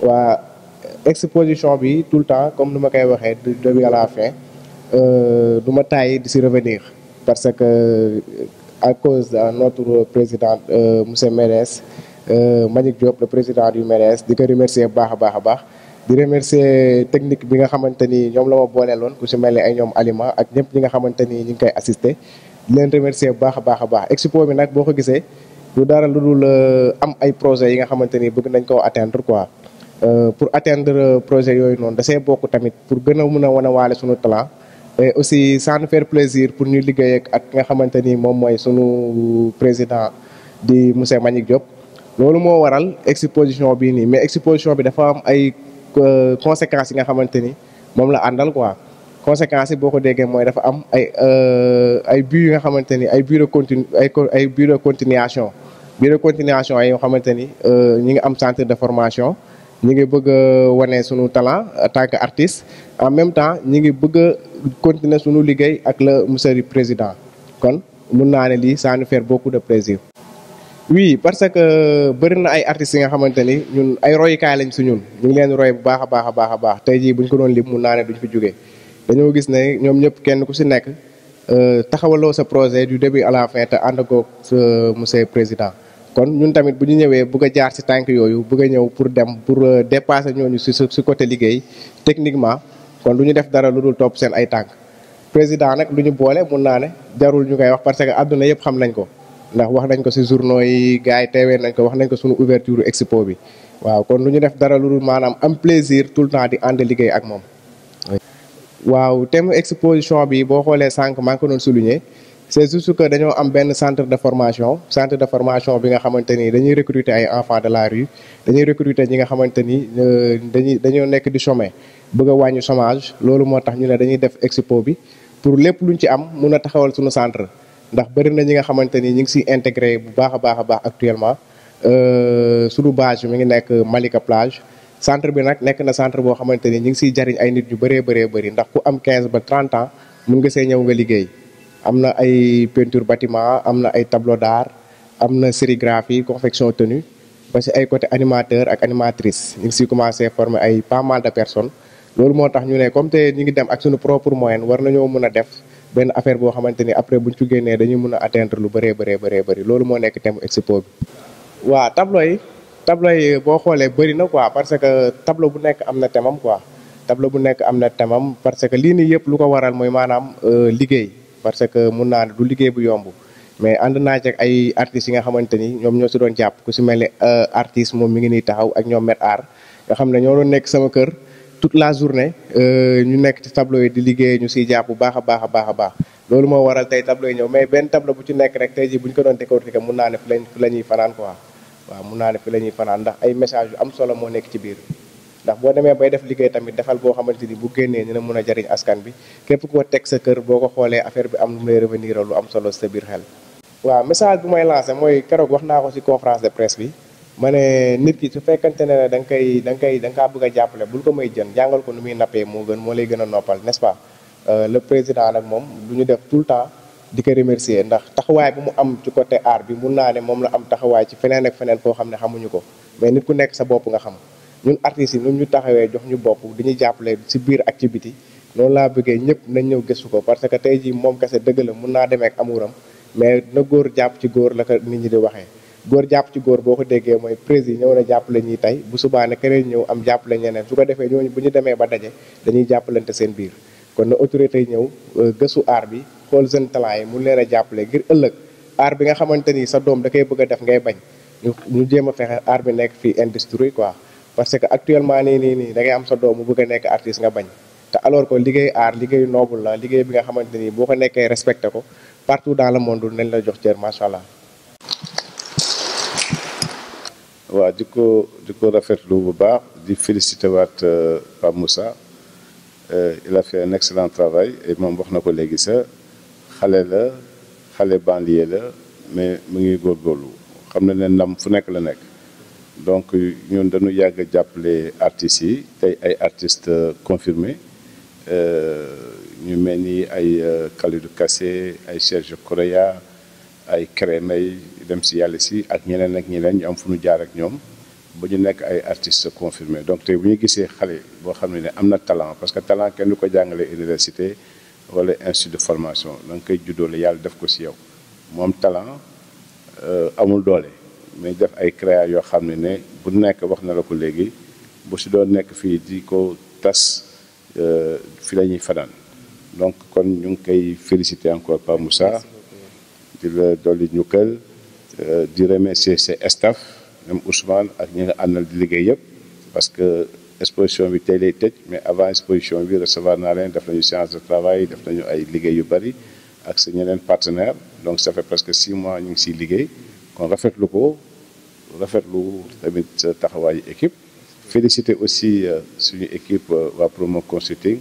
waa exposition bi tout le temps comme nu ma koy waxee du début à la fin euh, du ma tàyyi di si revenir parce que euh, à cause de notre président euh, monsieur Médès Manick Diop le président du Médès di ko remercier bu baax a baax a baax di remercier technique bi nga xamante ni ñoom la ma booleeloon ku si mel ni ay ñoom aliment ak ñëpp ñi nga xamante ni ñu ngi koy assister di leen remercier bu baax a baax a baax expo bi nag boo ko gisee lu dara lu dul am ay projets yi nga xamante ni bëgg nañ koo atteindre quoi Euh, pour atteindre euh, projet yooyu noonu da see bokk tamit pour gën a mun a wanewaale sunu talent et aussi sans nous faire plaisir pour ñu liggéey ak nga xamante ni moom mooy sunu président di monsieur Manick Diop. loolu moo waral exposition bii nii mais exposition bi dafa am ay euh, conséquences yi nga xamante ni moom la àndal quoi conséquences yi boo ko déggee mooy dafa am ay ay but yi nga xamante ni ay but de continu ay ay continuation but continuation yi nga xamante ni ñi ngi am centre de formation. ñu ngi bëgg a wane suñu talent en tant que en même temps ñu ngi bëgg a continuer suñu liggéey ak la monsieur le président kon mun naa ne lii ça nous fait beaucoup de plaisir. oui parce que bëri na ay artistes yi nga xamante ni ñun ay royukaay lañ si ñun ñu ngi leen roy bu baax a baax a baax a baax tey jii buñ ko doon lim mun naa duñ fi jógee dañoo gis ne ñoom ñëpp kenn ku si nekk euh, taxawaloo sa projet du début à la fin te ànd président. kon ñun tamit bu ñu ñëwee bëgg jaar ci tànk yooyu bëgg ñëw pour dem pour euh, dépasser ñooñu ci ci côté liggéey techniquement kon lu ñu def dara lu dul topp seen ay tànk président nag lu ñu boole mun naa ne jarul ñu koy wax parce que àdduna yëpp xam nañ ko ndax wax nañ ko ci journaux yi gars yi teewee nañ ko wax nañ ko suñu ouverture expo bi waaw kon lu ñu def dara lu dul maanaam am plaisir tout le temps di ànd liggéey ak moom waaw thème exposition bi boo xoolee sànq maa ngi ko doon souligner c'est juste que dañoo am benn centre de formation centre de formation bi nga xamante ni dañuy recruter ay enfants de la rue dañuy recruter ñi nga xamante ni euh, dañuy dañoo nekk di chômer bëgga a wàññi chômage loolu moo tax ñu ne dañuy def expo bi pour lépp luñ ci am mun a taxawal suñu centre ndax bëri na ñi nga xamante ni ñu ngi siy intégré bu baax a baax a baax actuellement euh, suñu base mi ngi nekk Malika Plage centre bi nag nekk na centre boo xamante ni ñu ngi siy jariñ ay nit ñu bëree bëree bëri ndax ku am 15 ba 30 ans mun nga see ñëw nga liggéey am na ay peinture bâtiment am na ay tableau d'art am na sérigraphie confection tenue parce que ay côté animateur ak animatrice ñu ngi si commencé formé ay pas mal de personnes loolu moo tax ñu ne comme te ñu ngi dem ak suñu propre moyen war nañoo mën a def benn affaire boo xamante ni après bu ci génnee dañuy mën a atteindre lu bëree bëree bëree bëri loolu moo nekk thème expo bi. waa tableau yi tableau yi boo xoolee bëri na quoi parce que tableau bu nekk am na thème am quoi tableau bu nekk am na thème parce que lii nii yëpp lu ko waral mooy maanaam euh, liggéey. parce que mun naa ne du liggéey bu yomb mais ànd naa ci ay artistes yi nga xamante ni ñoom ñoo si doon jàpp ku si mel ni euh, moom mi ngi nii taxaw ak ñoom met aar nga xam ne ñoo doon nekk sama kër tout la journée euh, ñu nekk ci tableau yi di liggéey ñu siy jàpp bu baax a baax a baax a loolu moo waral tey tableau yi ñëw mais benn tableau bu ci nekk rek tey ji bu ñu ko doon décortiquer mun naa ne fi lañ ñuy fanaan quoi waaw mun naa ne fi la ñuy fanaan ndax ay message yu am solo moo nekk ci biir ndax boo demee bay def liggéey tamit defal boo xamante ni bu génnee ni na mun a jariñ askan bi képp ko teg sa kër boo ko xoolee affaire bi am lu lay revenir lu am solo sa biir xel waaw message bu may lancé mooy keroog wax naa ko ci conférence de presse bi ma ne nit ki su fekkante ne da nga koy da nga koy da kaa bëgg a jàppale bul ko may jën jàngal ko nu muy nappee moo gën moo lay gën a noppal n'est-ce pas euh, le président nag moom lu ñu def tout le temps di ko remercier ndax taxawaay bu mu am ci côté art bi mun naa ne moom la am taxawaay ci feneen ak feneen foo xam ne xamuñu ko mais nit ku nekk sa bopp nga xam ñun artistes yi ñu taxawee jox ñu bopp ñu jàppale si biir activité loolu laa bëggee ñëpp nañ ñëw gëstu ko parce que tey jii moom kese dëgg la mun naa demee ak amuram mais na góor jàpp ci góor la ko nit ñi di waxee góor jàpp ci góor boo ko déggee mooy président ñëw na jàppale ñi tey bu subaa ne keneen ñëw am jàppale ñeneen su ko defee ñooñu bu demee ba daje dañuy jàppalante seen biir kon na autorité yi ñëw euh, gëstu aar bi xool seen talent yi mun leen a jàppale ngir ëllëg aar bi nga xamante ni sa doom da kay bëgg a def ngay bañ ñu jéem a fexe aar bi nekk fii industrie quoi parce que actuellement nii nii nii dangay am sa doom mu bëgg a nekk artiste nga bañ te alors ko liggéey art liggéey noble la liggéey bi nga xamante nii boo ko nekkee respecté ko partout dans le monde nañ la jox cër macha allah. waa di ko di ko rafetlu bu baax di félicité waat euh, Pape Moussa euh, il a fait un excellent travail moom wax na ko léegi sa xale la xale banlieue la mais mu ngi góorgóorlu xam na ne ndam fu nekk la nekk. donc ñu dañu yàgg a jàppale artistes yi tey ay artistes confirmés euh, ñu mel ni ay euh, Kalidou Kassé ay Serge Correa ay Crémay dem si yàlla si ak ñeneen ak ñeneen ñu am fu ñu jaar ak ñoom ba ñu nekk ay artistes confirmés donc tey bu ñu gisee xale boo xam ne ne am na talent parce que talent kenn du ko jàngale université wala institut de formation da nga koy juddoo yàlla def ko si yow moom talent euh, amul doole. mais def ay créa yoo xam ne ne bu nekk wax na la ko léegi bu si doon nekk fii di ko tas euh, fi la ñuy fanaan donc kon ñu ngi koy féliciter encore Pape Moussa di la dolli ñu kël euh, di remercier ses staff même Ousmane ak ñu nga àndal di liggéey yëpp parce que exposition bi tey lay tëj mais avant exposition bi recevoir naa leen def nañu séance de travail def nañu ay liggéey yu bari ak sa ñeneen partenaire donc ça fait presque six mois ñu ngi siy liggéey lu ko lu tamit euh, taxawaayu équipe félicité aussi euh, suñu équipe euh, waa promo consulting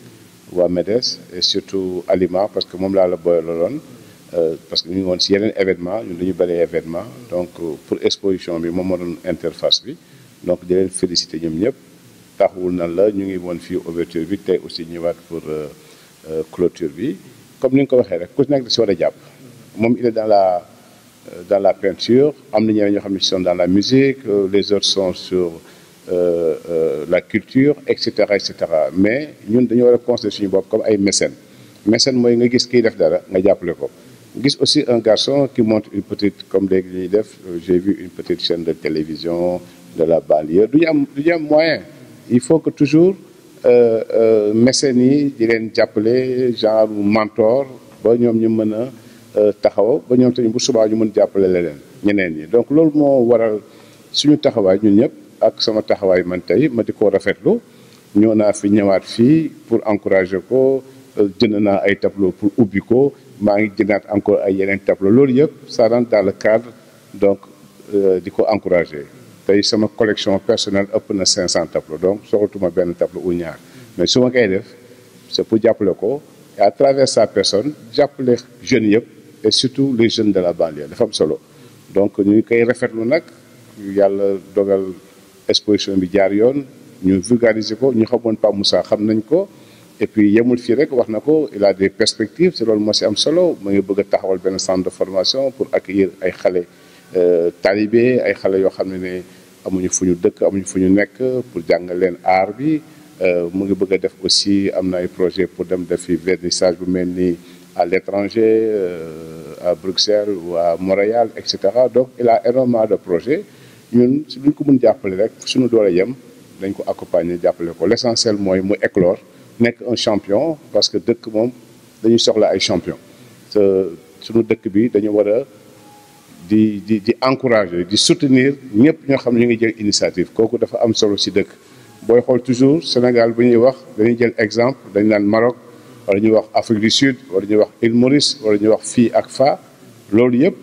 waa MEDES e surtout aliment parce que moom laa la boyaloon parce que ñu ngi woon si yeneen événement ñun dañu bëree événement donc pour exposition bi moom moo doon interface bi donc di leen félicité ñoom ñëpp taxawul na la ñu ngi woon fii ouverture bi tey aussi ñëwaat pour cloture bi comme ni nga ko waxee rek ku nekk da si war a jàpp moom il est dans la dans la peinture am na ñeneen ñoo xam ne dans la musique euh, les autres sont sur euh, euh, la culture et cetera et mais ñun dañoo war a considérer suñu comme ay mécènes mécène mooy nga gis kiy def dara nga jàppale ko gis aussi un garçon qui montre une petite comme léegi ñuy def j'ai vu une petite chaîne de télévision de la banlieue du ñu am du ñu am moyen il faut que toujours mécènes yi di leen jàppale genre mentor ba ñoom ñu mën a Euh, taxaw ba ñoom tamit bu subaa ñu mën jàppale leen ñeneen ñi donc loolu moo waral suñu taxawaay ñun ñëpp ak sama taxawaay man tey ma di ko rafetlu ñoo naa fi ñëwaat fii pour encourager ko euh, jënd naa ay tableau pour ubbi ko maa ngi jëndaat encore ay yeneen tableau loolu yëpp ça rentre dans le cadre donc euh, di ko encourager tey sama collection personnelle ëpp na cinq cent tableau donc soxlatuma benn tableau ñaar mais su ma koy def c'est pour jàppale ko et à travers sa personne jàppale jeunes yëpp. et surtout les jeunes de la banlieue dafa am solo donc ñu ngi koy rafetlu nag yàlla dogal exposition bi jaar yoon ñu vulgariser ko ñu xamoon Pa Moussa xam nañ ko et puis yemul fii rek wax na ko il a des perspectives te loolu moo si am solo mu ngi bëgg taxawal benn centre de formation pour accueillir ay xale euh, talibé ay xale yoo xam ne ne amuñu fu ñu dëkk amuñu fu ñu nekk pour jàngal leen aar bi euh, mu ngi bëgg a def aussi am na ay projet pour dem def fi vernissage bu nii à l'étranger, euh, à Bruxelles ou à Montréal, etc. Donc, il a énormément de projet ñun si luñ ko mën jàppale rek suñu doole yem dañ ko accompagner jàppale ko l'essentiel mooy mu éclore nekk un champion parce que dëkk moom dañu soxla ay champion te euh, suñu dëkk bi dañu war a di di di encourager di soutenir ñëpp ñoo xam ñu ngi jël initiative kooku dafa am solo si dëkk booy xool toujours Sénégal bu ñuy wax dañuy jël exemple dañ naan Maroc wala ñuy wax Afrique du Sud wala ñuy wax île Maurice wala ñuy wax fii ak fa loolu yëpp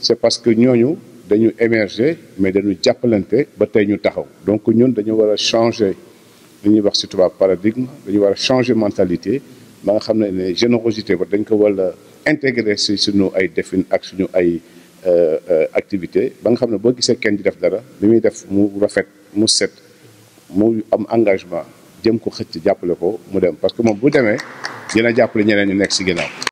c'est parce que ñooñu dañu émerger mais dañu jàppalante ba tey ñu taxaw donc ñun dañu war a changer li ñuy wax ci tubaab paradigme dañu war a changer mentalité ba nga xam ne ne générosité ba dañ ko war a intégrer ci suñu ay défin ak suñu ay euh, euh, activité ba nga xam ne boo gisee kenn di def dara li muy def mu rafet mu set mu am engagement jëm ko xëcc jàppale ko mu dem parce que moom bu demee dina jàppale ñeneen ñu nekk si ginnaaw.